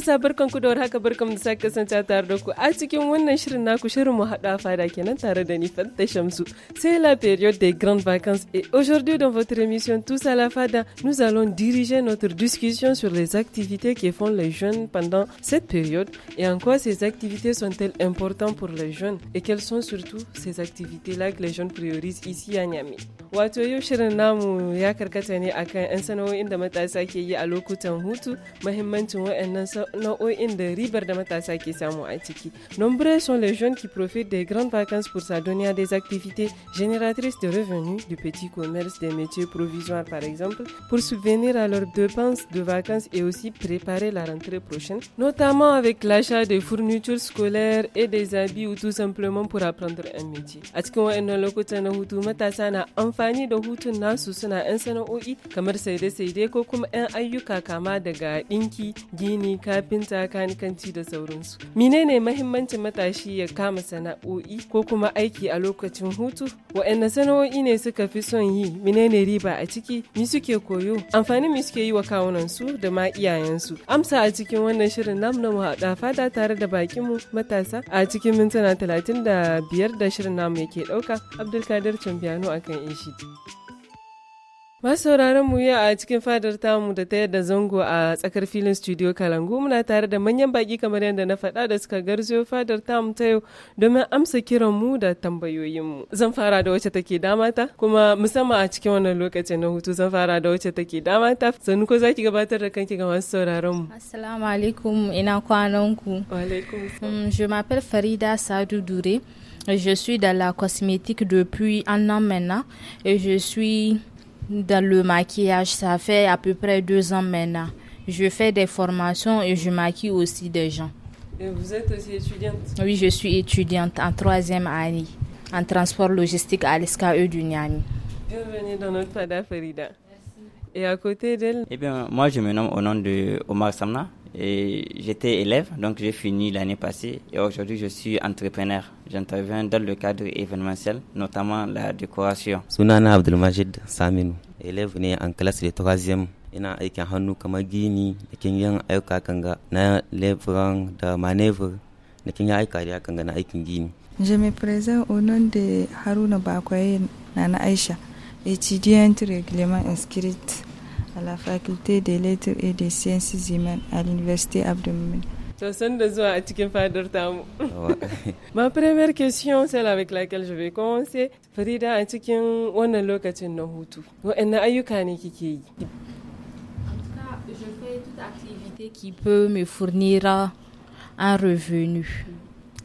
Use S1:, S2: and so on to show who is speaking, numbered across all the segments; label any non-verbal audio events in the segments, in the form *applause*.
S1: C'est la période des grandes vacances et aujourd'hui dans votre émission Tous à la Fada, nous allons diriger notre discussion sur les activités que font les jeunes pendant cette période et en quoi ces activités sont-elles importantes pour les jeunes et quelles sont surtout ces activités-là que les jeunes priorisent ici à Niamey. Wato shirin namu ya ne akan matasa ke yi a lokutan da ribar da matasa ke samu a ciki. Nombreux sont les jeunes qui profitent des grandes vacances pour s'adonner à des activités génératrices de revenus, du petit commerce, des métiers provisoires par exemple, pour subvenir à leurs dépenses de vacances et aussi préparer la rentrée prochaine, notamment avec l'achat de fournitures scolaires et des habits ou tout simplement pour apprendre un métier. A lokutan matasa na amfani da hutun nasu suna 'yan sana'o'i kamar saide-saide ko kuma 'yan ayyuka kama daga ɗinki, gini, kafinta, kanikanci da sauransu. Menene mahimmancin matashi ya kama sana'o'i ko kuma aiki a lokacin hutu? Waɗanne sana'o'i ne suka fi son yi? Menene riba a ciki? Mi suke koyo? Amfani mi suke yi wa kawunansu da ma iyayensu? Amsa a cikin wannan shirin namu na haɗa fada tare da mu matasa a cikin mintuna talatin da biyar da shirin namu yake ɗauka. Abdulkadir Cambiano akan ishi. Profit. Masauraran mu yi a cikin fadar tamu da ta yadda zango a tsakar filin studio kalangu muna tare da manyan baki kamar yadda na faɗa da suka garzo fadar tamu ta yau domin amsa kiran mu da tambayoyin mu zan fara da wacce take dama ta kuma musamman a cikin wannan lokacin na hutu zan fara da wacce take dama ta sannu ko zaki gabatar da kanki ga masu sauraron mu
S2: assalamu alaikum ina kwanan ku wa alaikum mm, je m'appelle Farida Sadu Dure Je suis dans la cosmétique depuis un an maintenant et je suis dans le maquillage. Ça fait à peu près deux ans maintenant. Je fais des formations et je maquille aussi des gens.
S1: Et vous êtes aussi étudiante
S2: Oui, je suis étudiante en troisième année en transport logistique à l'SKE du Niami.
S1: Bienvenue dans notre Pada Merci. Et à côté d'elle Eh bien, moi
S3: je me nomme au nom de Omar Samna. J'étais élève, donc j'ai fini l'année passée et aujourd'hui je suis entrepreneur. J'interviens dans le cadre événementiel, notamment la décoration.
S4: Sunana Abdelmajid Saminu, élève né en classe de 3e.
S3: ina aikin hannu
S4: kamar gini da kin yin aika kanga na lebron da maneuver da kin yi aika da kanga na aikin gini.
S5: Je me présente au nom de Haruna Bakwaye Nana na Aisha, étudiante règlement inscrite à la faculté des lettres et des sciences humaines à l'université Abdelmoumine.
S1: *laughs* Ma première question, celle avec laquelle je vais commencer, Frida, a cikin wannan lokacin Je
S2: fais toute activité qui peut me fournir un revenu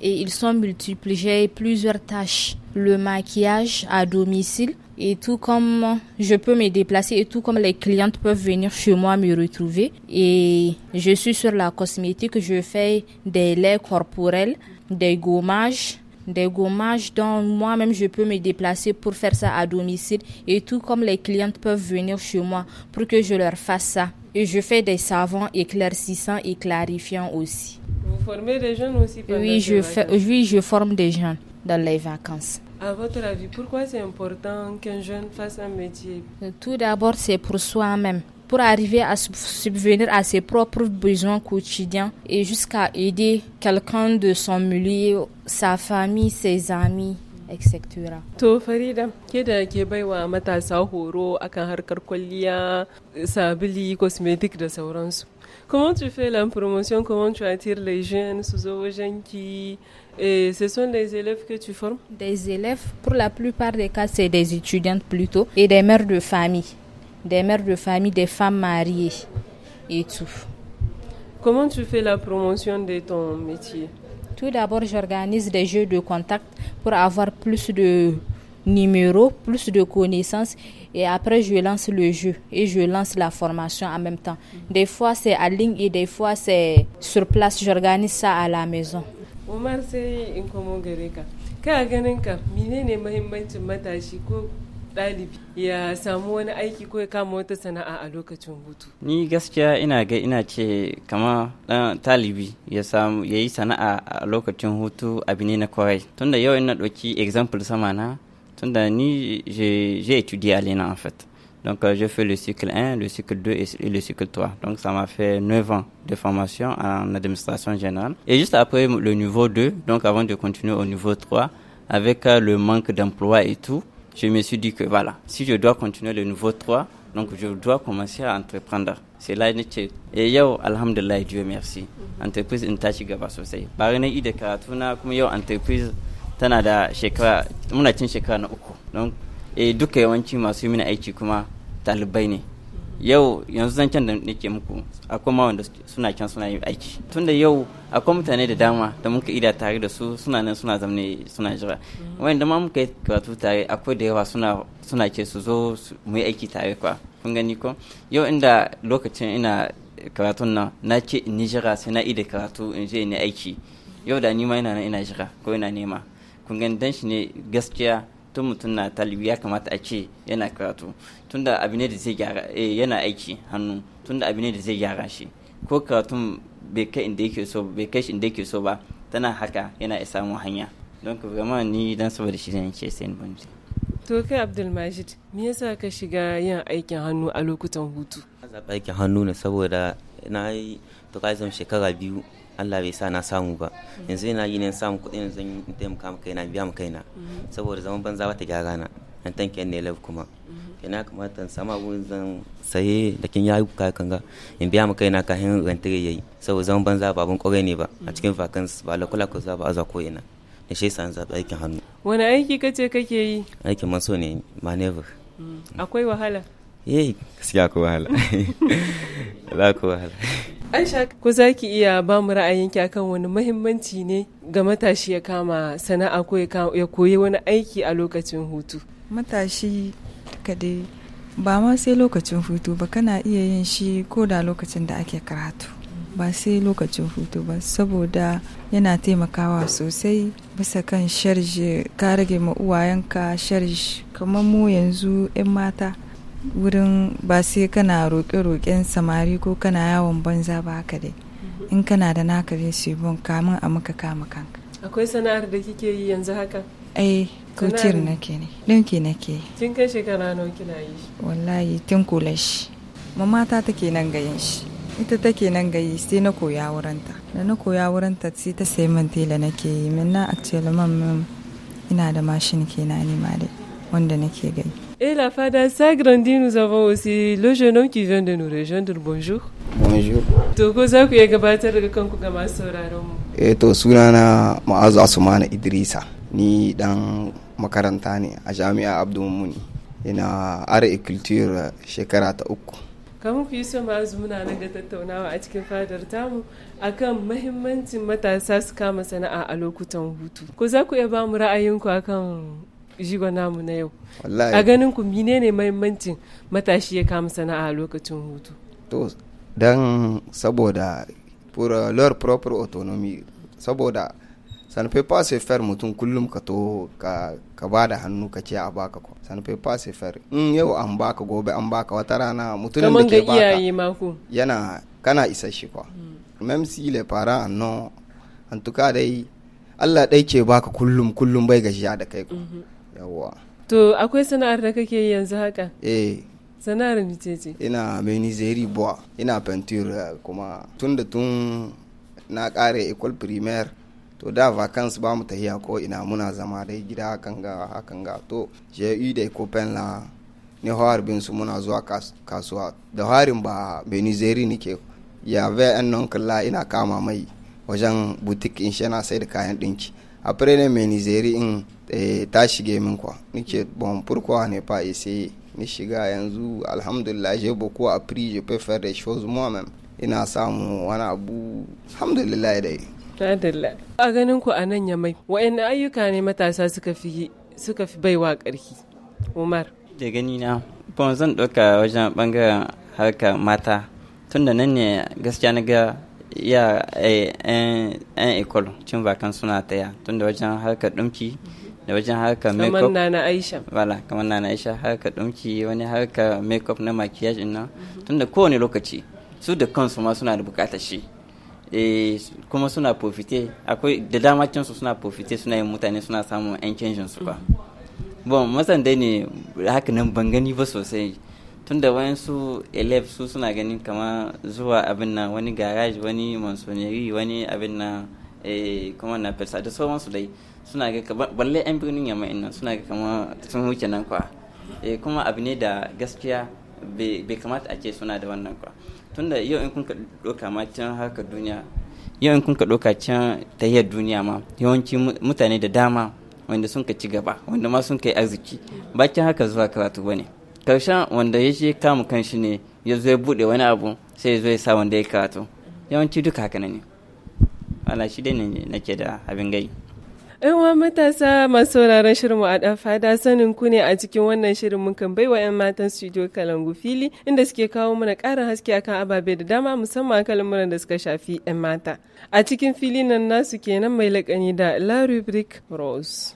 S2: et ils sont multiples. J'ai plusieurs tâches. Le maquillage à domicile et tout comme je peux me déplacer et tout comme les clientes peuvent venir chez moi me retrouver. Et je suis sur la cosmétique, je fais des laits corporels, des gommages, des gommages dont moi-même je peux me déplacer pour faire ça à domicile et tout comme les clientes peuvent venir chez moi pour que je leur fasse ça. Et je fais des savons éclaircissants et clarifiants aussi.
S1: Vous formez des jeunes aussi pendant oui, je fais,
S2: oui, je forme des jeunes dans les vacances.
S1: À votre avis, pourquoi c'est important qu'un jeune fasse un métier
S2: Tout d'abord, c'est pour soi-même pour arriver à subvenir à ses propres besoins quotidiens et jusqu'à aider quelqu'un de son milieu, sa famille, ses amis etc.
S1: To Farida, Comment tu fais la promotion Comment tu attires les jeunes sous qui eh, ce sont des élèves que tu formes Des élèves,
S2: pour la plupart des cas, c'est des étudiantes plutôt et des mères de famille. Des mères de famille, des femmes mariées et tout.
S1: Comment tu fais la promotion de ton métier
S2: tout d'abord, j'organise des jeux de contact pour avoir plus de numéros, plus de connaissances et après je lance le jeu et je lance la formation en même temps. Des fois c'est à ligne et des fois c'est sur place, j'organise ça à la maison
S1: ɗalibi ya samu wani aiki ko ya kama wata sana'a a lokacin hutu
S3: ni gaskiya ina ga ina ce kama ɗan talibi ya samu ya yi sana'a a lokacin hutu abu ne na kwarai tunda yau ina ɗauki example sama na tunda ni j'ai étudié à l'ENA en fait Donc, euh, je j'ai fait le cycle 1, le cycle 2 et, le cycle 3. Donc, ça m'a fait 9 ans de formation en administration générale. Et juste après le niveau 2, donc avant de continuer au niveau 3, avec euh, le manque d'emploi et tout, je me suis dit que voilà, si je dois continuer le niveau 3, donc je dois commencer à entreprendre. C'est là ne Et yo, yau alhamdulillah Dieu merci. Entreprise in tashi gaba sosai. Bare na ida karatu kuma entreprise tana da shekara muna cin shekara na uku. Don e duka yawanci masu yi aiki kuma talibai yau yanzu zan can da nake muku akwai ma wanda suna can suna yin aiki tunda yau akwai mutane da dama da muka ida tare da su suna nan suna zamne suna jira wayan da ma muka yi karatu tare akwai da yawa suna suna ce su zo mu yi aiki tare kwa kun gani ko yau inda lokacin ina karatun nan na ce in ni jira sai na ida karatu in je ni aiki yau da ni ma ina nan ina jira ko ina nema kun gani dan shi ne gaskiya tun mutum na talibi ya kamata a ce yana karatu tunda abu ne da zai gyara eh, yana aiki hannu tunda abu ne da zai gyara shi ko karatun bai kai inda yake so bai kai inda yake so ba tana haka yana isa mu hanya don ku gama ni dan saboda shi zan ce sai ban
S1: to kai majid me yasa ka shiga yin aikin hannu a lokutan hutu na zaɓi
S3: aikin hannu ne
S4: saboda na yi tukazin shekara biyu Allah bai sa na samu ba yanzu ina yi ne samu kuɗin zan yi taimaka maka kaina biya maka kaina saboda zaman banza ba ta gyara na an tanke ne love kuma ina kamata in samu abun zan saye da kin yayi ka kan ga in biya maka kaina kafin rentare yayi saboda zaman banza ba abun kwarai ne ba a cikin vacancy ba lakula ko za ba azwa ko ina da shi san an zaɓi aikin hannu
S1: wani aiki kace kake yi
S4: aikin maso ne manever
S1: akwai wahala
S4: yayi eh, gaskiya akwai wahala *laughs* za ku wahala
S1: Aisha ko za ki iya ba mu ra'ayinki akan wani muhimmanci ne ga matashi ya kama sana'a ko ya koyi wani aiki a lokacin hutu?
S5: Matashi dai ba ma sai lokacin hutu ba kana iya yin shi ko da lokacin da ake karatu. Ba sai lokacin hutu ba saboda yana taimakawa sosai bisa kan sharje ka rage ma uwayenka sharje kamar mu yanzu 'yan mata wurin ba sai kana roƙe-roƙen samari ko kana yawon banza ba haka dai in kana da naka dai shi bon kamun a muka kama kanka
S1: akwai sana'ar da kike yi yanzu haka
S5: ai eh, kutir nake ne ɗinki nake
S1: tun kai shekara nawa kina yi
S5: wallahi tun kula shi mama ta take nan gayin shi ita take nan gayi sai na koya wurinta da na koya wurinta sai ta sai man tela nake yi min na actual man ina da mashin kenan ne ma dai wanda nake
S6: gayi
S1: Et la FADA s'agrandit. Nous avons aussi le jeune homme qui vient de nous rejoindre. Bonjour. Bonjour. To ko za ku iya gabatar da kanku ga masu sauraron mu?
S6: Eh to sunana Ma'azu Asumana Idrisa. Ni dan makaranta ne a Jami'a Abdu Mumuni. Ina Art Culture shekara ta uku.
S1: kamar ku yi so ma'azu muna nan ga tattaunawa a cikin fadar tamu akan mahimmancin matasa su kama sana'a a lokutan hutu. Ko za ku iya ba mu ra'ayinku akan jigo namu na yau a ganin ku mine ne mahimmancin matashi ya kama sana'a lokacin hutu
S6: to don saboda leur proper autonomy saboda sanfefa e fer mutum kullum ka to ka ba da hannu ka ce a baka ko sanfefa e fer in yau an baka gobe an baka wata rana mutumin da ke
S1: baka
S6: yana kana isa shi kwa même mm. si les parents non en tout cas dai Allah dai ke baka kullum kullum bai gajiya da kai ko yawwa
S1: to akwai sana'ar da kake yi yanzu haka eh sana'ar mice ce
S6: ina menizeri buwa ina pentir eh, kuma tun da tun na kare equal primaire to da vacance ba mu tahiya ko ina muna zama dai gida hakan ga hakan ga to je yi da copen la ne hawar bin su muna zuwa kasuwa da harin ba benizeri nike ya ve an non kalla ina kama mai wajen butik in shana sai da kayan dinki a ne mai nizeri in eh, ta shige min kwa nike bon pourquoi ne pa ise ni shiga yanzu alhamdulillah j'ai a pri je pe faire des choses moi-même ina samu wani abu alhamdulillah dai
S1: alhamdulillah A ganin ku a nan Wa wa'in ayyuka ne matasa suka fi suka fi baiwa ƙarfi? Umar.
S3: Da gani na, Bon zan ɗauka wajen ɓangaren harkar mata. Tunda nan ne gaskiya na ga ya eh, yan ikol cin bakan suna taya tun da wajen harkar ɗumki da wajen harkar makeup kamar na aisha wala kamar na aisha harkar ɗumki wani harkar makeup na makiyaj ina tun da kowane lokaci su da kansu ma suna da bukatar shi eh, kuma suna profite akwai da dama su suna profite suna yin mutane suna samun yan canjin su ba bon masan dai ne haka nan ban gani ba sosai tunda wayansu elef su suna ganin kama zuwa abin na wani garage wani mansoneri wani abin na eh, kuma na fesa da sauransu dai suna ga balle yan birnin yamma inna suna ga kama sun wuce nan kwa eh, kuma abu ne da gaskiya bai kamata a ce suna da wannan kwa tunda yau in kun ka doka ma can haka duniya yau in kun ka doka can tahiyar duniya ma yawanci mutane da dama wanda sun ka ci gaba wanda ma sun kai arziki bakin haka zuwa karatu bane ne karshen wanda ya je kama kanshi ne ya zo ya buɗe wani abu sai ya zo ya sa wanda ya karatu yawanci duka haka ne wala shi dai ne nake da abin gai
S1: yan wa matasa masu sauraron shirinmu a ɗan fada sanin ku ne a cikin wannan shirin mukan bai wa 'yan matan studio kalangu fili inda suke kawo mana ƙarin haske akan ababe da dama musamman akan lamuran da suka shafi 'yan mata a cikin filin nan nasu kenan mai laƙani da la rubrique rose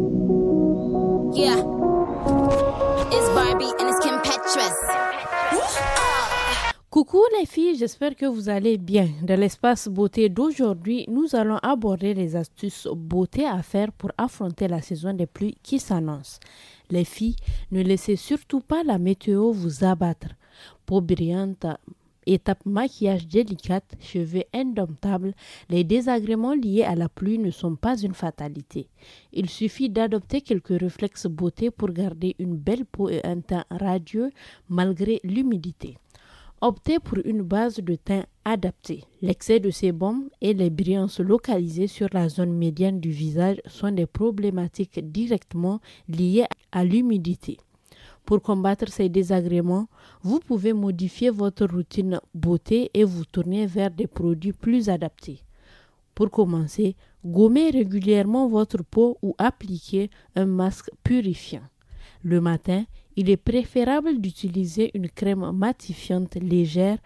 S7: Coucou les filles, j'espère que vous allez bien. Dans l'espace beauté d'aujourd'hui, nous allons aborder les astuces beauté à faire pour affronter la saison des pluies qui s'annonce. Les filles, ne laissez surtout pas la météo vous abattre. Pour brillante, Étape maquillage délicate, cheveux indomptables, les désagréments liés à la pluie ne sont pas une fatalité. Il suffit d'adopter quelques réflexes beauté pour garder une belle peau et un teint radieux malgré l'humidité. Optez pour une base de teint adaptée. L'excès de sébum et les brillances localisées sur la zone médiane du visage sont des problématiques directement liées à l'humidité. Pour combattre ces désagréments, vous pouvez modifier votre routine beauté et vous tourner vers des produits plus adaptés. Pour commencer, gommez régulièrement votre peau ou appliquez un masque purifiant. Le matin, il est préférable d'utiliser une crème matifiante légère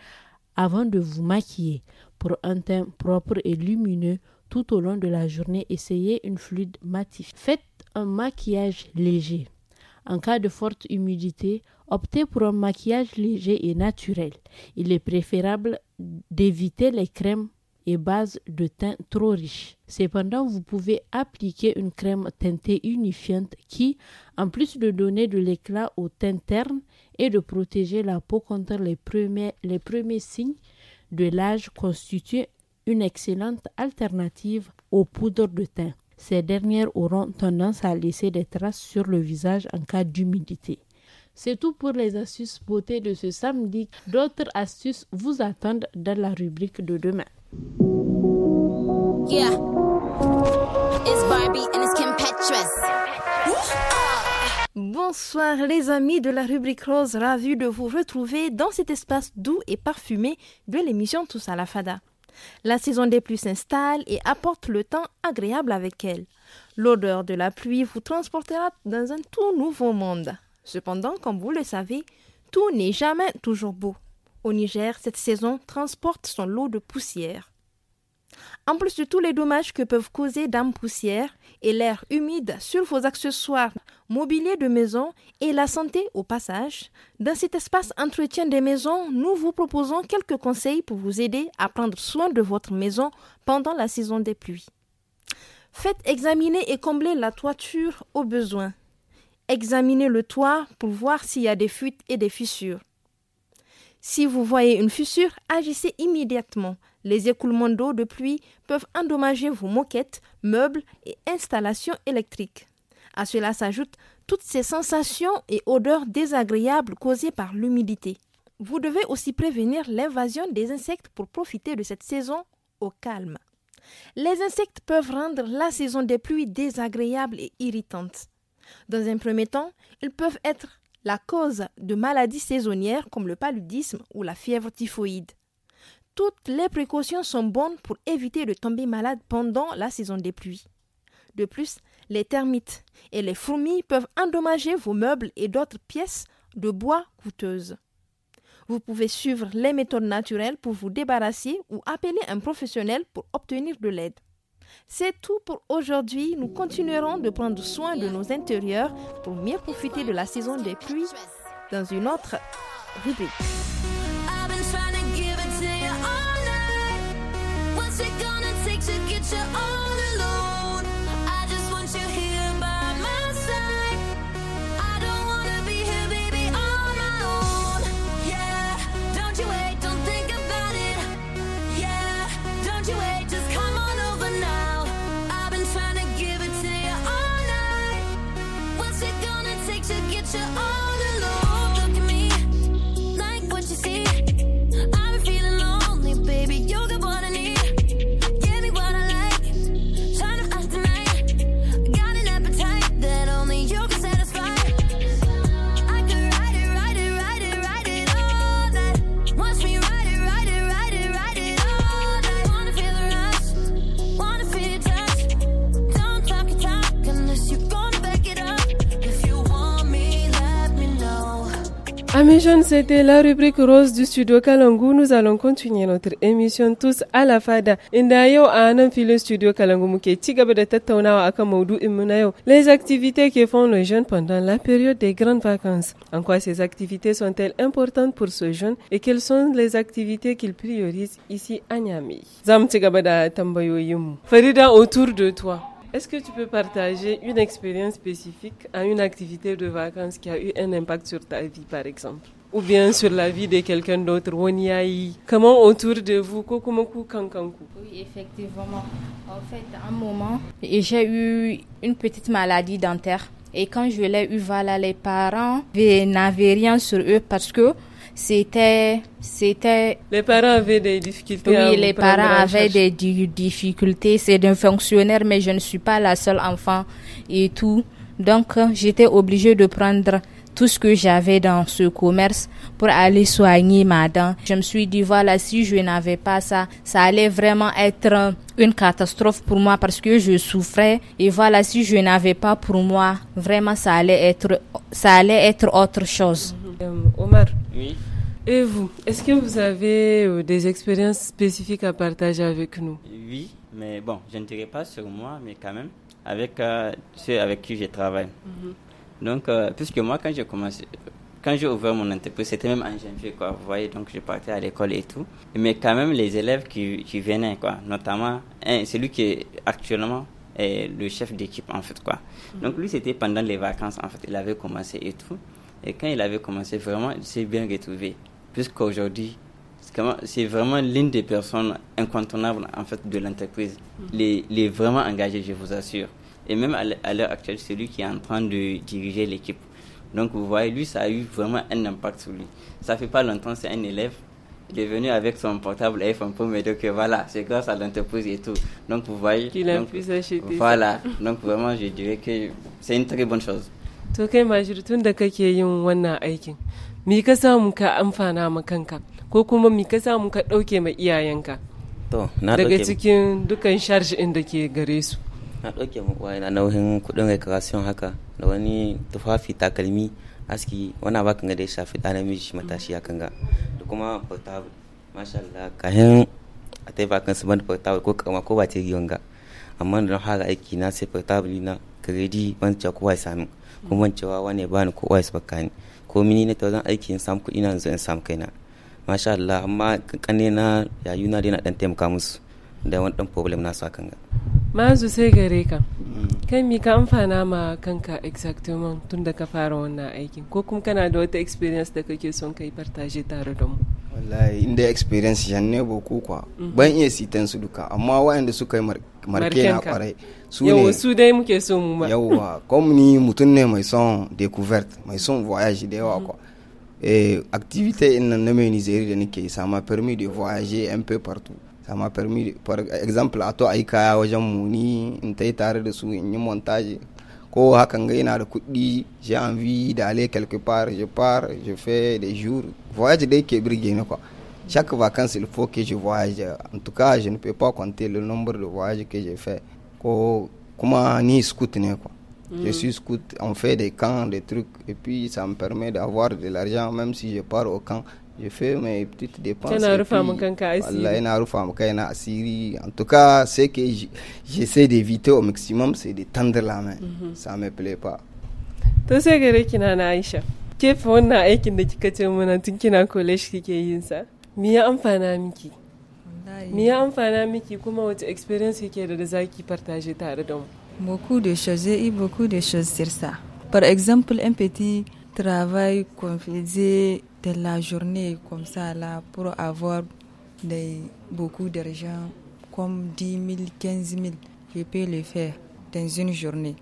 S7: avant de vous maquiller. Pour un teint propre et lumineux tout au long de la journée, essayez une fluide matifiante. Faites un maquillage léger. En cas de forte humidité, optez pour un maquillage léger et naturel. Il est préférable d'éviter les crèmes et bases de teint trop riches. Cependant, vous pouvez appliquer une crème teintée unifiante qui, en plus de donner de l'éclat au teint terne et de protéger la peau contre les premiers, les premiers signes de l'âge, constitue une excellente alternative aux poudres de teint. Ces dernières auront tendance à laisser des traces sur le visage en cas d'humidité. C'est tout pour les astuces beauté de ce samedi. D'autres astuces vous attendent dans la rubrique de demain.
S8: Bonsoir les amis de la rubrique rose, ravi de vous retrouver dans cet espace doux et parfumé de l'émission Tous à la Fada. La saison des pluies s'installe et apporte le temps agréable avec elle. L'odeur de la pluie vous transportera dans un tout nouveau monde. Cependant, comme vous le savez, tout n'est jamais toujours beau. Au Niger, cette saison transporte son lot de poussière. En plus de tous les dommages que peuvent causer d'âmes poussière et l'air humide sur vos accessoires, mobilier de maison et la santé au passage, dans cet espace entretien des maisons, nous vous proposons quelques conseils pour vous aider à prendre soin de votre maison pendant la saison des pluies. Faites examiner et combler la toiture au besoin. Examinez le toit pour voir s'il y a des fuites et des fissures. Si vous voyez une fissure, agissez immédiatement les écoulements d'eau de pluie peuvent endommager vos moquettes, meubles et installations électriques. À cela s'ajoutent toutes ces sensations et odeurs désagréables causées par l'humidité. Vous devez aussi prévenir l'invasion des insectes pour profiter de cette saison au calme. Les insectes peuvent rendre la saison des pluies désagréable et irritante. Dans un premier temps, ils peuvent être la cause de maladies saisonnières comme le paludisme ou la fièvre typhoïde toutes les précautions sont bonnes pour éviter de tomber malade pendant la saison des pluies. De plus, les termites et les fourmis peuvent endommager vos meubles et d'autres pièces de bois coûteuses. Vous pouvez suivre les méthodes naturelles pour vous débarrasser ou appeler un professionnel pour obtenir de l'aide. C'est tout pour aujourd'hui. Nous continuerons de prendre soin de nos intérieurs pour mieux profiter de la saison des pluies dans une autre rubrique.
S1: Amis jeunes, c'était la rubrique rose du studio Kalangu. Nous allons continuer notre émission tous à la fada. Inda a studio Kalangu muke da Les activités que font les jeunes pendant la période des grandes vacances. En quoi ces activités sont-elles importantes pour ce jeune et quelles sont les activités qu'il priorisent ici à Niamey? Zam Farida autour de toi. Est-ce que tu peux partager une expérience spécifique à une activité de vacances qui a eu un impact sur ta vie, par exemple ou bien sur la vie de quelqu'un d'autre, comment autour de vous,
S2: Kokomoku Kankanku. Oui, effectivement. En fait, à un moment, j'ai eu une petite maladie dentaire. Et quand je l'ai eu, voilà, les parents n'avaient rien sur eux parce que c'était c'était
S1: les parents avaient des difficultés oui les parents avaient des
S2: difficultés c'est d'un fonctionnaire mais je ne suis pas la seule enfant et tout donc j'étais obligée de prendre tout ce que j'avais dans ce commerce pour aller soigner ma dent. Je me suis dit, voilà, si je n'avais pas ça, ça allait vraiment être une catastrophe pour moi parce que je souffrais. Et voilà, si je n'avais pas pour moi, vraiment, ça allait être, ça allait être autre chose.
S1: Euh, Omar, oui. Et vous, est-ce que vous avez euh, des expériences spécifiques à partager avec nous
S3: Oui, mais bon, je ne dirai pas sur moi, mais quand même, avec ceux avec qui je travaille. Mhm. Donc, euh, puisque moi, quand j'ai commencé, quand j'ai ouvert mon entreprise, c'était même en janvier, quoi, vous voyez, donc je partais à l'école et tout. Mais quand même, les élèves qui, qui venaient, quoi, notamment c'est celui qui est actuellement est le chef d'équipe, en fait, quoi. Mhm. Donc, lui, c'était pendant les vacances, en fait, il avait commencé et tout. Et quand il avait commencé, vraiment, il s'est bien retrouvé. Puisqu'aujourd'hui, c'est vraiment l'une des personnes incontournables en fait de l'entreprise. Il, mm. est, vraiment engagé, je vous assure. Et même à l'heure actuelle, c'est lui qui est en train de diriger l'équipe. Donc vous voyez, lui, ça a eu vraiment un impact sur lui. Ça fait pas longtemps, c'est un élève. Il est venu avec son portable iPhone pour me dire que voilà, c'est grâce à l'entreprise et tout. Donc vous voyez. Qu'il a pu s'acheter. Voilà. donc vraiment, je dirais que c'est une très bonne chose.
S1: to kai mashiru tun da kake yin wannan aikin mi ka samu ka amfana ma kanka ko kuma mi ka samu ka ɗauke ma iyayenka daga cikin dukan sharshi inda ke gare su na ɗauke mu uwaye na
S4: nauyin kuɗin recreation haka da wani tufafi takalmi aski wani abu kan ga dai ya shafi ɗan namiji matashi ya kan ga da kuma portable masha Allah hin a ta ba kan su bani portable ko kama ko ba ta yi ga amma da na fara aiki na sai portable na kiredi ban ta kowa ya samu. kuma cewa wani ba ni ko su baka ni ko mini ne ta wajen aiki in samu kuɗi na yanzu in samu kaina masha Allah amma kankane na yayu na dai dan taimaka musu da wani dan problem na sa kanga
S1: mazu sai gare ka mm. kai mi ka amfana ma kanka exactement tun da ka fara wannan aikin ko kuma kana da wata experience da kake son kai partage tare da mu
S6: wallahi inda experience janne ba ko kwa mm. ban iya sitan su duka amma waɗanda suka yi marke na kwarai su ne su dai so mu comme ni mutun ne découverte voyage de quoi. Et activité in na Nigeria da ça m'a permis de voyager un peu partout ça m'a permis par exemple à toi, ai kaya wajen mu ni tare da su in montage ko hakan ga yana da j'ai envie d'aller quelque part je pars je fais des jours voyage de ke birge ne quoi chaque vacances, il faut que je voyage. En tout cas, je ne peux pas compter le nombre de voyages que j'ai fait. comment ni scout ni quoi. Mm. Je suis scout, on fait des camps, des trucs, et puis ça me permet d'avoir de l'argent, même si je pars au camp, je fais mes petites dépenses. en tout cas, ce que j'essaie d'éviter au maximum, c'est de tendre la main. Mm-hmm. Ça ne me plaît pas.
S1: tu aikin da kika tun kina kike
S5: il ya amfana miki
S1: ya amfana miki kuma wace experience yake da da zaki partage tare da mu
S5: beaucoup de choses et beaucoup de choses sur ça par exemple un petit travail qu'on de la journée comme ça là pour avoir des, beaucoup d'argent comme 10 000 15 000 je peux le faire dans une journée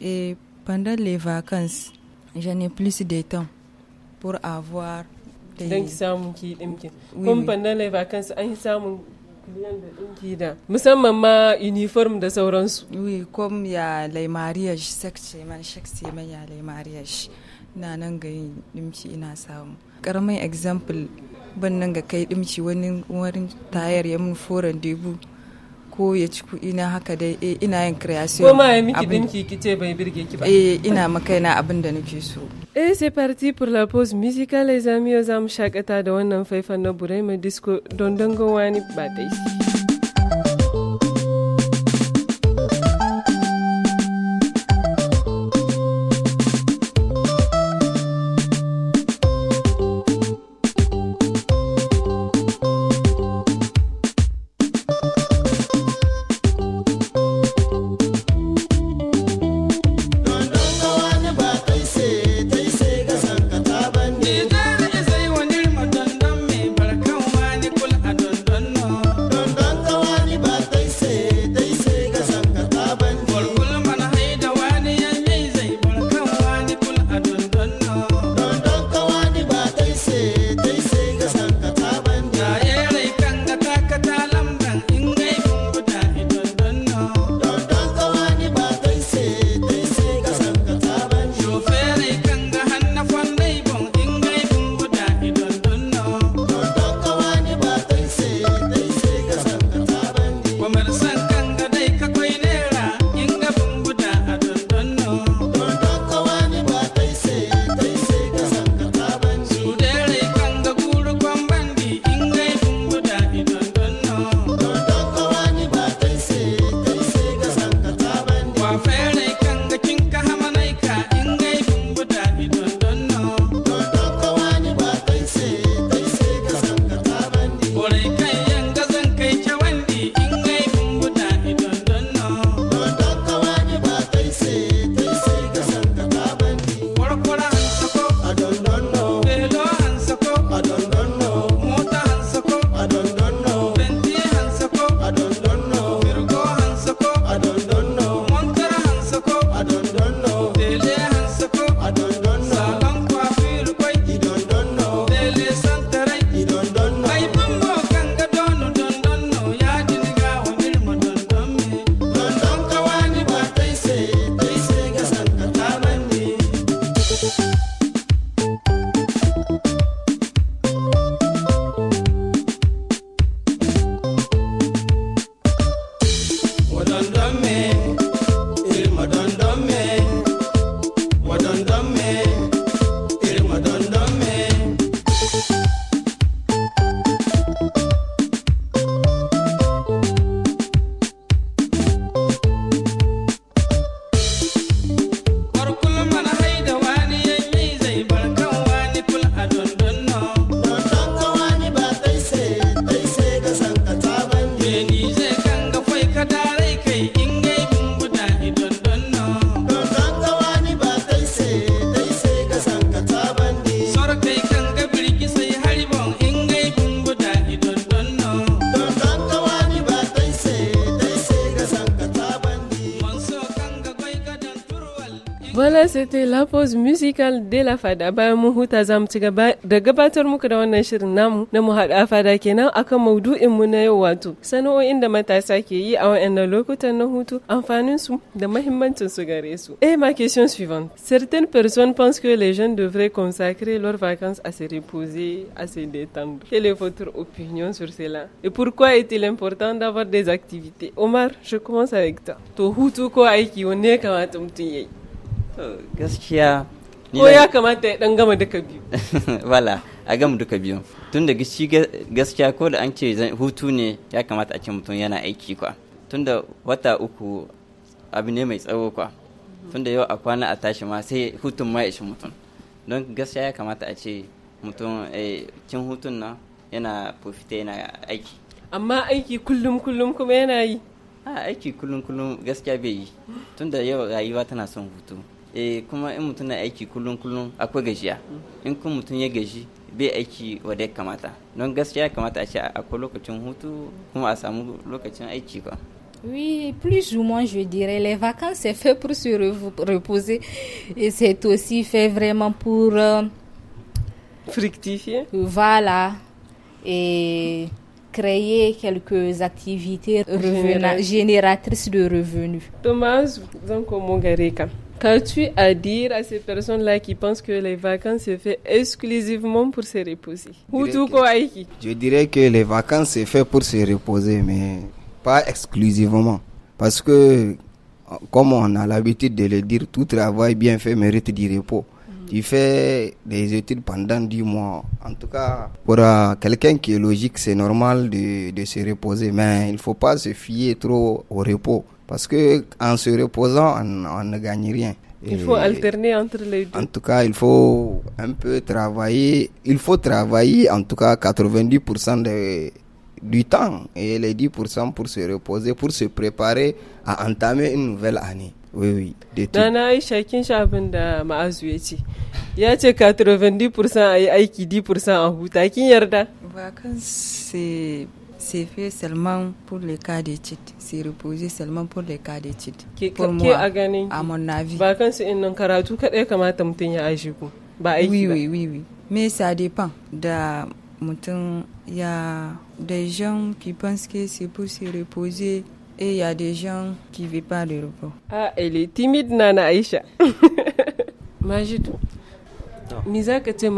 S5: et pendant les vacances j'en ai plus de temps pour avoir don ki
S1: samu ki dinki kun fandala vacances an yi samun kliyan da dinki da musamman
S5: ma uniform da sauransu Wi kom ya les shi chaque man chaque man ya les shi na nan ga yin dimci ina samu karamin example ban nan ga kai dimci wani warin tayar ya mun foran dubu ko ya ci kuɗi na haka dai eh, ina yin creation ko ma ya miki dinki
S1: ce bai birge ki ba eh ina makaina
S5: abin da nake so
S1: eh c'est parti pour la pause musicale les amis za mu shakata da wannan faifan na buraima Disco don dangon wani ba dai musical de la fada bayan mun huta za mu ci gaba da gabatar muku da wannan shirin namu na mu hada fada kenan akan maudu'in mu na yau wato sana'o'in da matasa ke yi a wayannan lokutan na hutu amfanin su da muhimmancin su gare su. Eh ma question suivante. Certaines personnes pensent que les jeunes devraient consacrer leurs vacances à se reposer, à se détendre. Quelle est votre opinion sur cela Et pourquoi est-il important d'avoir des activités Omar, je commence avec toi. To hutu ko aiki wanne ya kamata mutum yayi? Oh, gaskiya ko ya kamata ya dan gama duka biyu
S3: *laughs* wala a gama duka biyu tun da shi gaskiya ko da an ce hutu ne ya kamata a ce mutum yana aiki kwa tun da wata uku abu ne mai tsawo kwa tun da yau a kwana a tashi ma sai hutun ma ya shi mutum don gaskiya ya kamata a ce mutum eh, cin hutun nan yana profita yana aiki
S1: amma aiki kullum kullum kuma yana yi
S3: a aiki kullum kullum gaskiya bai yi tunda yau rayuwa tana son hutu e kuma in mutum na aiki kullum kullum akwai gajiya in kuma mutum ya gaji bai aiki wadda ya kamata don gaskiya kamata a ce akwai lokacin hutu kuma a samu lokacin aiki ba
S2: Oui, plus ou moins, je dirais. Les vacances, c'est fait pour se reposer et c'est aussi fait vraiment pour. Euh, Fructifier. Voilà. Et créer quelques activités Générat génératrices de revenus.
S1: Thomas, donc,
S2: Qu'as-tu à
S1: dire à ces personnes-là qui pensent que les vacances se fait exclusivement pour se reposer
S6: Je dirais que les vacances se fait pour se reposer, mais pas exclusivement. Parce que, comme on a l'habitude de le dire, tout travail bien fait mérite du repos. Mm. Tu fais des études pendant 10 mois. En tout cas, pour euh, quelqu'un qui est logique, c'est normal de, de se reposer. Mais il ne faut pas se fier trop au repos. Parce que en se reposant, on, ne gagne rien. il faut alterner
S1: entre les deux.
S6: En tout cas, il faut un peu travailler. Il faut travailler en tout cas 90% de, du temps et les 10% pour se reposer, pour se préparer à entamer une nouvelle année. Oui, oui.
S1: Nana 90% et 10% a
S5: bah, c'est c'est fait seulement pour les cas d'études. C'est reposé seulement pour les cas d'études. Pour moi,
S1: à mon avis. Oui, oui, oui,
S5: oui. Mais ça dépend. De, il y a des gens qui pensent que c'est pour se reposer et il y a des gens qui ne veulent pas le repos.
S1: Ah, elle est timide, Nana Aïcha. Majidou, que tu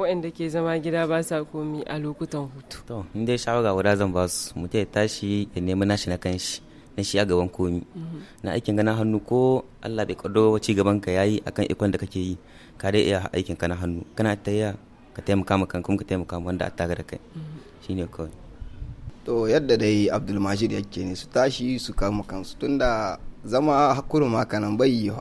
S1: waɗanda ke zama gida ba sa komi a lokutan hutu to
S4: in dai shawara guda zan ba su mutum ya tashi ya nemi nashi na kanshi na shi a gaban komi mhm. na aikin gana hannu ko Allah bai kwado ci gaban ka yayi akan ikon da kake yi ka dai iya aikin ka hannu kana tayya ka taimaka ma kan kuma ka
S6: taimaka ma wanda a tare da kai mhm. shi ne kawai to yadda dai Abdulmajid yake ne su tashi su kama kansu tunda zama hakuru ma kanan bai yi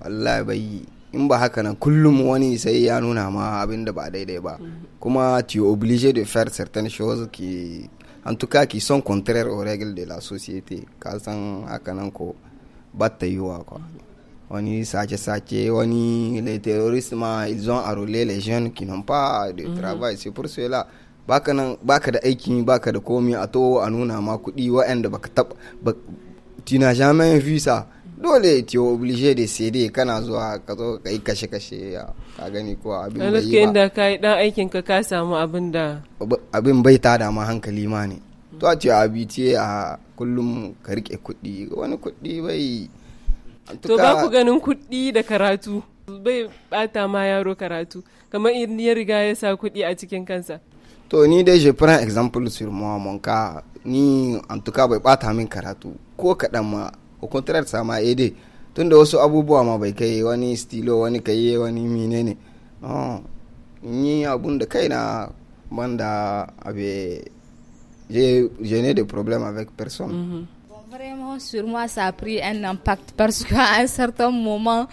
S6: wallahi bai yi in ba haka nan kullum wani sai ya nuna ma abin da ba daidai ba kuma tu es obligé de faire certaines choses qui en tout cas qui sont contraires aux règles de la société ka san haka nan ko ba ta yiwa quoi wani sace-sace wani les terrorisme ma ils ont enrôlé les jeunes qui n'ont pas de mhm. travail c'est pour cela baka nan baka da aiki baka da komi a to a nuna ma kuɗi waɗanda baka tab tu n'as jamais vu ça dole ti oblige da sede kana zuwa ka zo ka yi kashe kashe ka gani ko abin bai yi ba inda
S1: ka yi dan aikin ka ka samu abin da
S6: abin bai ta da ma hankali ma ne to a ce abi ce a kullum ka rike kuɗi wani kuɗi bai to ba ku
S1: ganin kuɗi da karatu bai bata ma yaro karatu kamar in ya riga ya sa kuɗi a cikin kansa
S6: to ni dai je prend exemple sur moi mon cas ni en tout cas bai bata min karatu ko kaɗan ma au contraire ça m'a aidé Je wasu abubuwa ma bai kai wani wani kai wani menene ni de problème avec personne
S2: mhm. vraiment sur moi ça a pris un impact parce qu'à un certain moment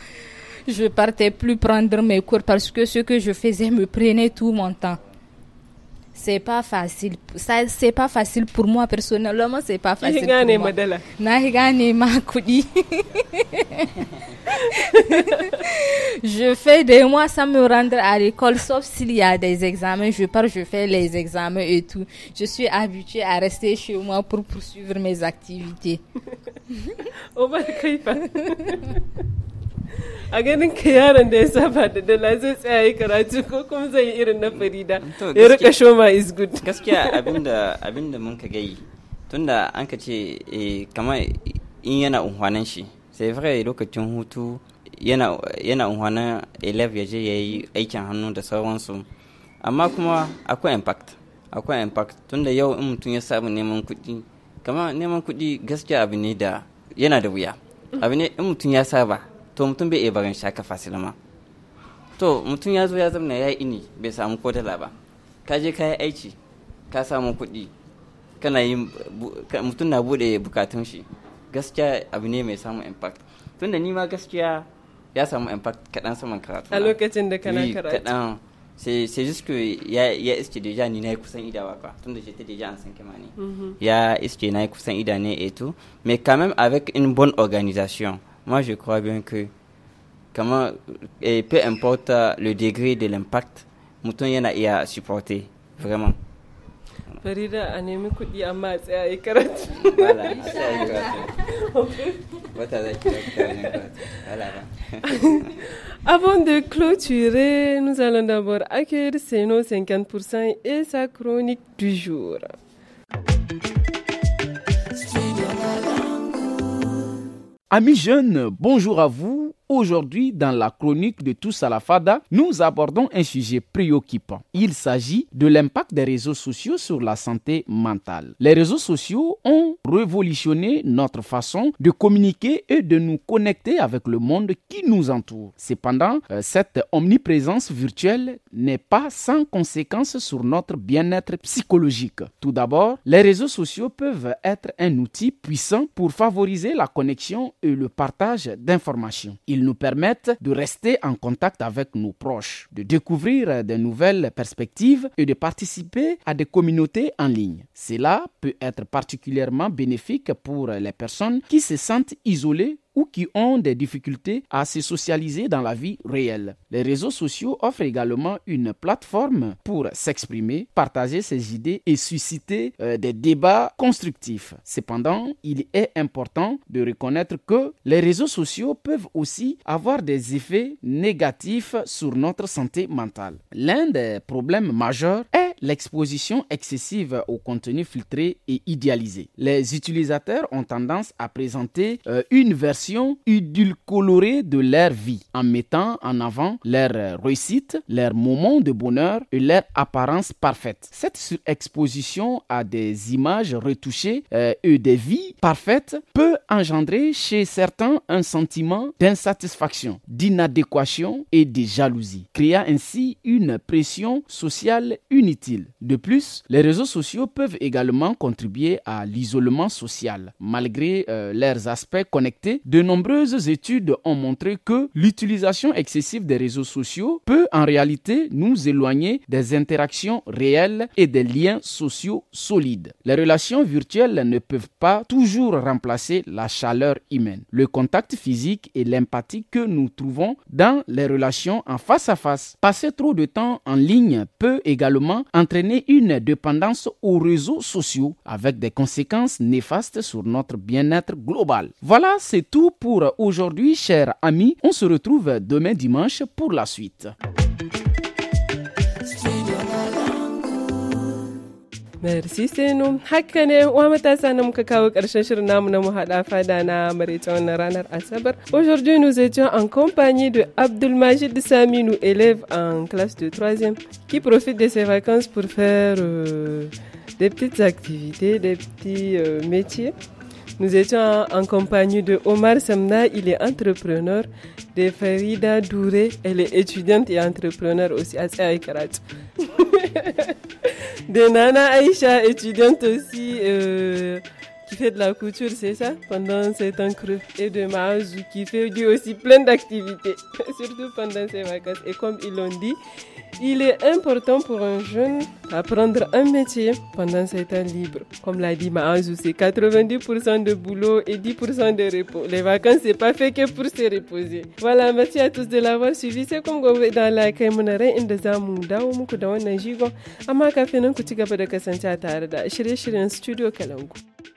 S2: je partais plus prendre mes cours parce que ce que je faisais me prenait tout mon temps c'est pas facile ça c'est pas facile pour moi personnellement c'est pas facile pour moi *laughs* je fais des mois sans me rendre à l'école sauf s'il y a des examens je pars je fais les examens et tout je suis habituée à rester chez moi pour poursuivre mes activités *laughs* *laughs*
S1: a ganin ka yaron da ya saba da dala zai tsaya yi karatu ko kuma zai yi irin na farida ya rika shoma is good gaskiya
S3: abinda abinda mun ka gai tunda an ka ce eh, kamar in yana unhwanan shi sai fara lokacin hutu yana yana unhwanan elef ya je ya yi aikin hannu da sauransu amma kuma akwai impact akwai impact tunda yau in mutum ya samu neman kuɗi kamar neman kuɗi gaskiya abu ne da yana da wuya abu ne in mutum ya saba to mutum bai iya barin shaka haka fasilma to mutum ya zo ya zamna ya ini bai samu ko dala ba ka je ka yi aiki ka samu kuɗi kana yin mutum na bude bukatun shi gaskiya abu ne mai samun impact tunda ni ma gaskiya ya samu impact kaɗan saman karatu a lokacin da kana karatu kaɗan sai sai ya ya iske deja ni nayi kusan idawa kwa tunda je ta deja an san kima ne mhm. ya iske nayi kusan ida ne eto mais quand même avec une bonne organisation moi je crois bien que comment et peu importe le degré de l'impact mouton y a supporter vraiment
S1: a Avant de clôturer, nous allons d'abord accueillir Seno 50% et sa chronique du jour.
S9: Amis jeunes, bonjour à vous Aujourd'hui, dans la chronique de Tous à la Fada, nous abordons un sujet préoccupant. Il s'agit de l'impact des réseaux sociaux sur la santé mentale. Les réseaux sociaux ont révolutionné notre façon de communiquer et de nous connecter avec le monde qui nous entoure. Cependant, euh, cette omniprésence virtuelle n'est pas sans conséquences sur notre bien-être psychologique. Tout d'abord, les réseaux sociaux peuvent être un outil puissant pour favoriser la connexion et le partage d'informations. Ils nous permettent de rester en contact avec nos proches, de découvrir de nouvelles perspectives et de participer à des communautés en ligne. Cela peut être particulièrement bénéfique pour les personnes qui se sentent isolées ou qui ont des difficultés à se socialiser dans la vie réelle. Les réseaux sociaux offrent également une plateforme pour s'exprimer, partager ses idées et susciter euh, des débats constructifs. Cependant, il est important de reconnaître que les réseaux sociaux peuvent aussi avoir des effets négatifs sur notre santé mentale. L'un des problèmes majeurs est l'exposition excessive au contenu filtré et idéalisé. Les utilisateurs ont tendance à présenter euh, une version colorée de leur vie en mettant en avant leur réussite, leurs moments de bonheur et leur apparence parfaite. Cette surexposition à des images retouchées euh, et des vies parfaites peut engendrer chez certains un sentiment d'insatisfaction, d'inadéquation et de jalousie, créant ainsi une pression sociale inutile de plus, les réseaux sociaux peuvent également contribuer à l'isolement social. Malgré euh, leurs aspects connectés, de nombreuses études ont montré que l'utilisation excessive des réseaux sociaux peut en réalité nous éloigner des interactions réelles et des liens sociaux solides. Les relations virtuelles ne peuvent pas toujours remplacer la chaleur humaine, le contact physique et l'empathie que nous trouvons dans les relations en face à face. Passer trop de temps en ligne peut également entraîner une dépendance aux réseaux sociaux avec des conséquences néfastes sur notre bien-être global. Voilà, c'est tout pour aujourd'hui, chers amis. On se retrouve demain dimanche pour la suite.
S1: Merci Senu. Haka ne kawo na na wannan ranar Asabar. Aujourd'hui nous étions en compagnie de Abdulmajid nous élève en classe de 3e, qui profite de ses vacances pour faire euh, des petites activités, des petits euh, métiers. Nous étions en compagnie de Omar Samna, il est entrepreneur, de Farida Douré, elle est étudiante et entrepreneur aussi à Karatu. *laughs* de Nana Aïcha, étudiante aussi. Euh qui fait de la couture, c'est ça, pendant ces temps creux, et de Mahazou qui fait aussi plein d'activités, *laughs* surtout pendant ses vacances. Et comme ils l'ont dit, il est important pour un jeune d'apprendre un métier pendant ses temps libre. Comme l'a dit Mahazou, c'est 90% de boulot et 10% de repos. Les vacances, c'est pas fait que pour se reposer. Voilà, merci à tous de l'avoir suivi. C'est comme vous dans la Kaimunare, de za mu dawo muku da wannan à Amma kafin nan ku ci gaba da kasancewa tare da shirye Studio Kalangu.